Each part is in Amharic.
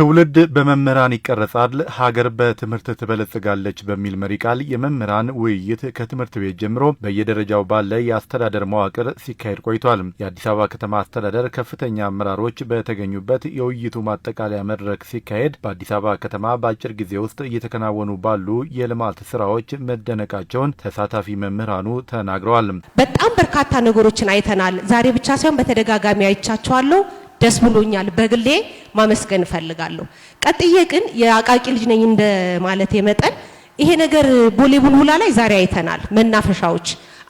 ትውልድ በመምህራን ይቀረጻል፣ ሀገር በትምህርት ትበለጽጋለች በሚል መሪ ቃል የመምህራን ውይይት ከትምህርት ቤት ጀምሮ በየደረጃው ባለ የአስተዳደር መዋቅር ሲካሄድ ቆይቷል። የአዲስ አበባ ከተማ አስተዳደር ከፍተኛ አመራሮች በተገኙበት የውይይቱ ማጠቃለያ መድረክ ሲካሄድ በአዲስ አበባ ከተማ በአጭር ጊዜ ውስጥ እየተከናወኑ ባሉ የልማት ስራዎች መደነቃቸውን ተሳታፊ መምህራኑ ተናግረዋል። በጣም በርካታ ነገሮችን አይተናል። ዛሬ ብቻ ሳይሆን በተደጋጋሚ አይቻቸዋለሁ። ደስ ብሎኛል፣ በግሌ ማመስገን እፈልጋለሁ። ቀጥዬ ግን የአቃቂ ልጅ ነኝ እንደ ማለት የመጠን ይሄ ነገር ቦሌ ቡልቡላ ላይ ዛሬ አይተናል። መናፈሻዎች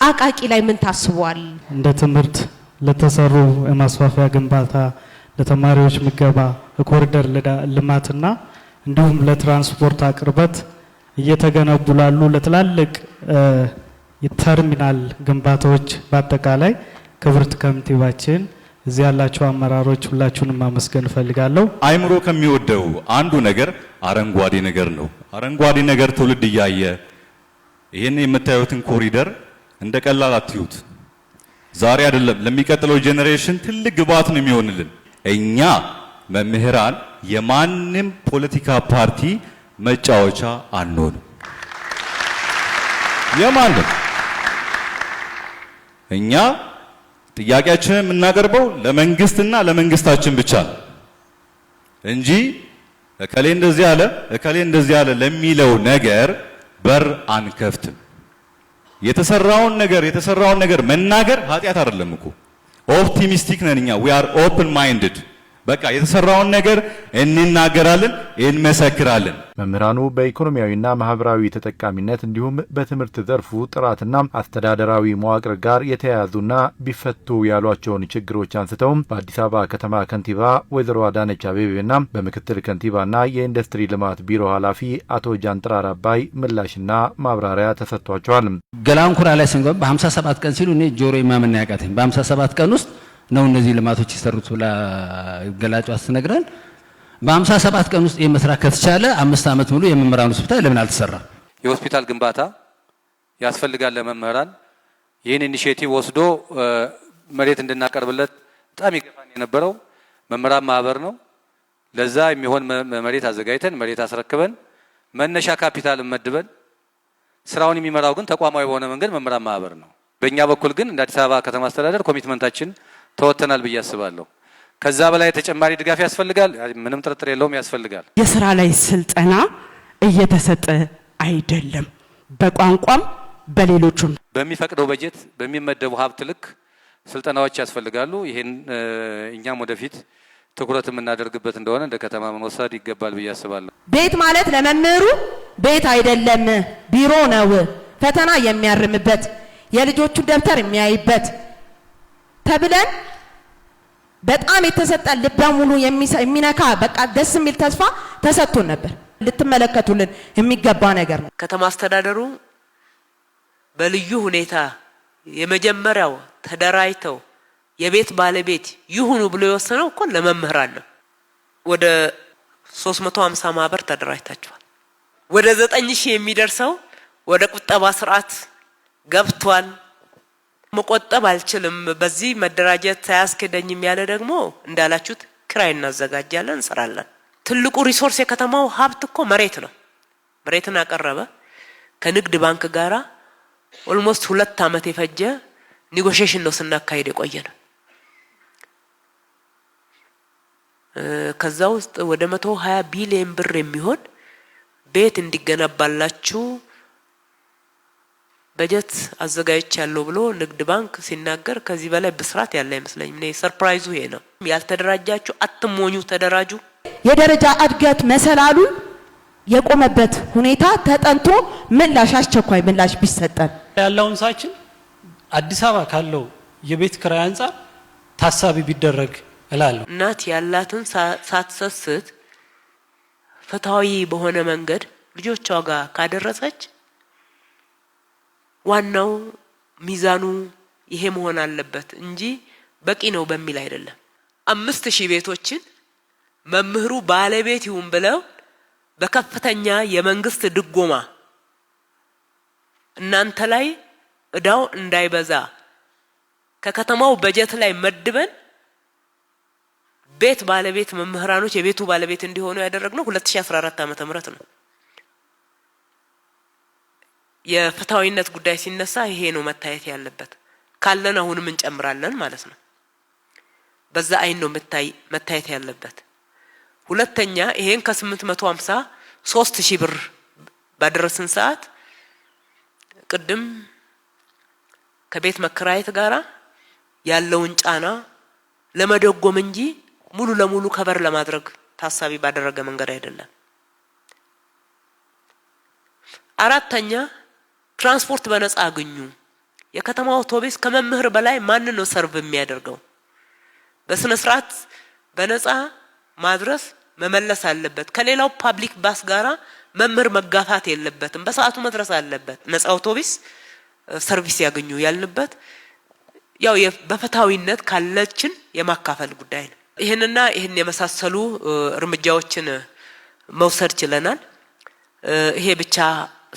አቃቂ ላይ ምን ታስቧል? እንደ ትምህርት ለተሰሩ የማስፋፊያ ግንባታ፣ ለተማሪዎች ምገባ፣ ኮሪደር ልማትና እንዲሁም ለትራንስፖርት አቅርበት እየተገነቡ ላሉ ለትላልቅ ተርሚናል ግንባታዎች በአጠቃላይ ክብርት ከንቲባችን እዚህ ያላችሁ አመራሮች ሁላችሁንም ማመስገን እፈልጋለሁ። አይምሮ ከሚወደው አንዱ ነገር አረንጓዴ ነገር ነው። አረንጓዴ ነገር ትውልድ እያየ ይህን የምታዩትን ኮሪደር እንደ ቀላል አትዩት። ዛሬ አይደለም ለሚቀጥለው ጄኔሬሽን ትልቅ ግብዓት ነው የሚሆንልን። እኛ መምህራን የማንም ፖለቲካ ፓርቲ መጫወቻ አንሆንም። የማንም እኛ ጥያቄያችንን የምናቀርበው ለመንግስትና ለመንግስታችን ብቻ ነው እንጂ እከሌ እንደዚህ አለ እከሌ እንደዚህ አለ ለሚለው ነገር በር አንከፍትም። የተሰራውን ነገር የተሰራውን ነገር መናገር ኃጢአት አይደለም እኮ ኦፕቲሚስቲክ ነን እኛ ዊ አር ኦፕን ማይንድድ በቃ የተሰራውን ነገር እንናገራለን፣ እንመሰክራለን። መምህራኑ በኢኮኖሚያዊና ማህበራዊ ተጠቃሚነት እንዲሁም በትምህርት ዘርፉ ጥራትና አስተዳደራዊ መዋቅር ጋር የተያያዙና ቢፈቱ ያሏቸውን ችግሮች አንስተውም በአዲስ አበባ ከተማ ከንቲባ ወይዘሮ አዳነች አቤቤና በምክትል ከንቲባና የኢንዱስትሪ ልማት ቢሮ ኃላፊ አቶ ጃንጥራር አባይ ምላሽና ማብራሪያ ተሰጥቷቸዋል። ገላንኩራ ላይ ስንገባ በ57 ቀን ሲሉ እኔ ጆሮ ማመን ያቃተኝ በ57 ቀን ውስጥ ነው እነዚህ ልማቶች የሰሩት ብላ ገላጩ ስትነግረን በአምሳ ሰባት ቀን ውስጥ የመስራት ከተቻለ አምስት ዓመት ሙሉ የመምህራን ሆስፒታል ለምን አልተሰራ? የሆስፒታል ግንባታ ያስፈልጋል ለመምህራን። ይህን ኢኒሽቲቭ ወስዶ መሬት እንድናቀርብለት በጣም ይገፋን የነበረው መምህራን ማህበር ነው። ለዛ የሚሆን መሬት አዘጋጅተን መሬት አስረክበን መነሻ ካፒታል መድበን ስራውን የሚመራው ግን ተቋማዊ በሆነ መንገድ መምህራን ማህበር ነው። በእኛ በኩል ግን እንደ አዲስ አበባ ከተማ አስተዳደር ኮሚትመንታችን ተወተናል ብዬ አስባለሁ። ከዛ በላይ ተጨማሪ ድጋፍ ያስፈልጋል፣ ምንም ጥርጥር የለውም ያስፈልጋል። የስራ ላይ ስልጠና እየተሰጠ አይደለም፣ በቋንቋም በሌሎቹም በሚፈቅደው በጀት በሚመደቡ ሀብት ልክ ስልጠናዎች ያስፈልጋሉ። ይህን እኛም ወደፊት ትኩረት የምናደርግበት እንደሆነ እንደ ከተማ መወሰድ ይገባል ብዬ አስባለሁ። ቤት ማለት ለመምህሩ ቤት አይደለም፣ ቢሮ ነው። ፈተና የሚያርምበት የልጆቹን ደብተር የሚያይበት ተብለን በጣም የተሰጠ ልበ ሙሉ የሚነካ በቃ ደስ የሚል ተስፋ ተሰጥቶን ነበር። ልትመለከቱልን የሚገባ ነገር ነው። ከተማ አስተዳደሩ በልዩ ሁኔታ የመጀመሪያው ተደራጅተው የቤት ባለቤት ይሁኑ ብሎ የወሰነው እኮ ለመምህራን ነው። ወደ 350 ማህበር ተደራጅታችኋል። ወደ 9000 የሚደርሰው ወደ ቁጠባ ስርዓት ገብቷል። መቆጠብ አልችልም፣ በዚህ መደራጀት አያስኬደኝም ያለ ደግሞ እንዳላችሁት ክራይ እናዘጋጃለን፣ እንሰራለን። ትልቁ ሪሶርስ የከተማው ሀብት እኮ መሬት ነው። መሬትን አቀረበ ከንግድ ባንክ ጋራ ኦልሞስት ሁለት አመት የፈጀ ኒጎሽሽን ነው ስናካሄድ የቆየ ነው። ከዛ ውስጥ ወደ መቶ ቢሊዮን ብር የሚሆን ቤት እንዲገነባላችሁ በጀት አዘጋጅች ያለው ብሎ ንግድ ባንክ ሲናገር ከዚህ በላይ ብስራት ያለ አይመስለኝም። እኔ ሰርፕራይዙ ይሄ ነው። ያልተደራጃችሁ አትሞኙ፣ ተደራጁ። የደረጃ እድገት መሰላሉ የቆመበት ሁኔታ ተጠንቶ ምላሽ አስቸኳይ ምላሽ ቢሰጠን ያለውን ሳችን አዲስ አበባ ካለው የቤት ክራይ አንጻር ታሳቢ ቢደረግ እላለሁ። እናት ያላትን ሳትሰስት ፍትሐዊ በሆነ መንገድ ልጆቿ ጋር ካደረሰች ዋናው ሚዛኑ ይሄ መሆን አለበት እንጂ በቂ ነው በሚል አይደለም። አምስት ሺህ ቤቶችን መምህሩ ባለቤት ይሁን ብለው በከፍተኛ የመንግስት ድጎማ እናንተ ላይ እዳው እንዳይበዛ ከከተማው በጀት ላይ መድበን ቤት ባለቤት መምህራኖች የቤቱ ባለቤት እንዲሆኑ ያደረግነው 2014 ዓመተ ምህረት ነው። የፍትሐዊነት ጉዳይ ሲነሳ ይሄ ነው መታየት ያለበት። ካለን አሁንም እንጨምራለን ማለት ነው። በዛ አይን ነው መታየት ያለበት። ሁለተኛ ይሄን ከ መቶ 3000 ብር ባደረስን ሰዓት ቅድም ከቤት መከራየት ጋራ ያለውን ጫና ለመደጎም እንጂ ሙሉ ለሙሉ ከበር ለማድረግ ታሳቢ ባደረገ መንገድ አይደለም። አራተኛ ትራንስፖርት በነጻ አግኙ። የከተማ አውቶቡስ ከመምህር በላይ ማን ነው ሰርቭ የሚያደርገው? በስነ ስርዓት በነጻ ማድረስ መመለስ አለበት። ከሌላው ፓብሊክ ባስ ጋራ መምህር መጋፋት የለበትም። በሰዓቱ መድረስ አለበት። ነጻ አውቶቡስ ሰርቪስ ያገኙ ያልንበት ያው በፍትሐዊነት ካለችን የማካፈል ጉዳይ ነው። ይህንና ይህን የመሳሰሉ እርምጃዎችን መውሰድ ችለናል። ይሄ ብቻ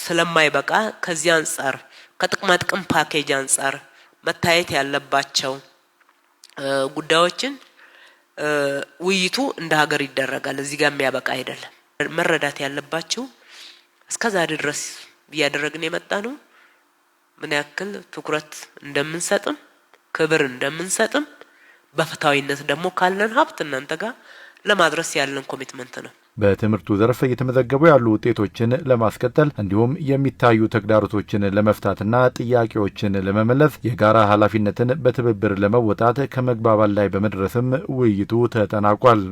ስለማይበቃ ከዚህ አንጻር ከጥቅማ ጥቅም ፓኬጅ አንጻር መታየት ያለባቸው ጉዳዮችን ውይይቱ እንደ ሀገር ይደረጋል። እዚህ ጋር የሚያበቃ አይደለም። መረዳት ያለባቸው እስከ ዛሬ ድረስ እያደረግን የመጣ ነው ምን ያክል ትኩረት እንደምንሰጥም ክብር እንደምንሰጥም በፍትሃዊነት ደግሞ ካለን ሀብት እናንተ ጋር ለማድረስ ያለን ኮሚትመንት ነው። በትምህርቱ ዘርፍ እየተመዘገቡ ያሉ ውጤቶችን ለማስቀጠል እንዲሁም የሚታዩ ተግዳሮቶችን ለመፍታትና ጥያቄዎችን ለመመለስ የጋራ ኃላፊነትን በትብብር ለመወጣት ከመግባባት ላይ በመድረስም ውይይቱ ተጠናቋል።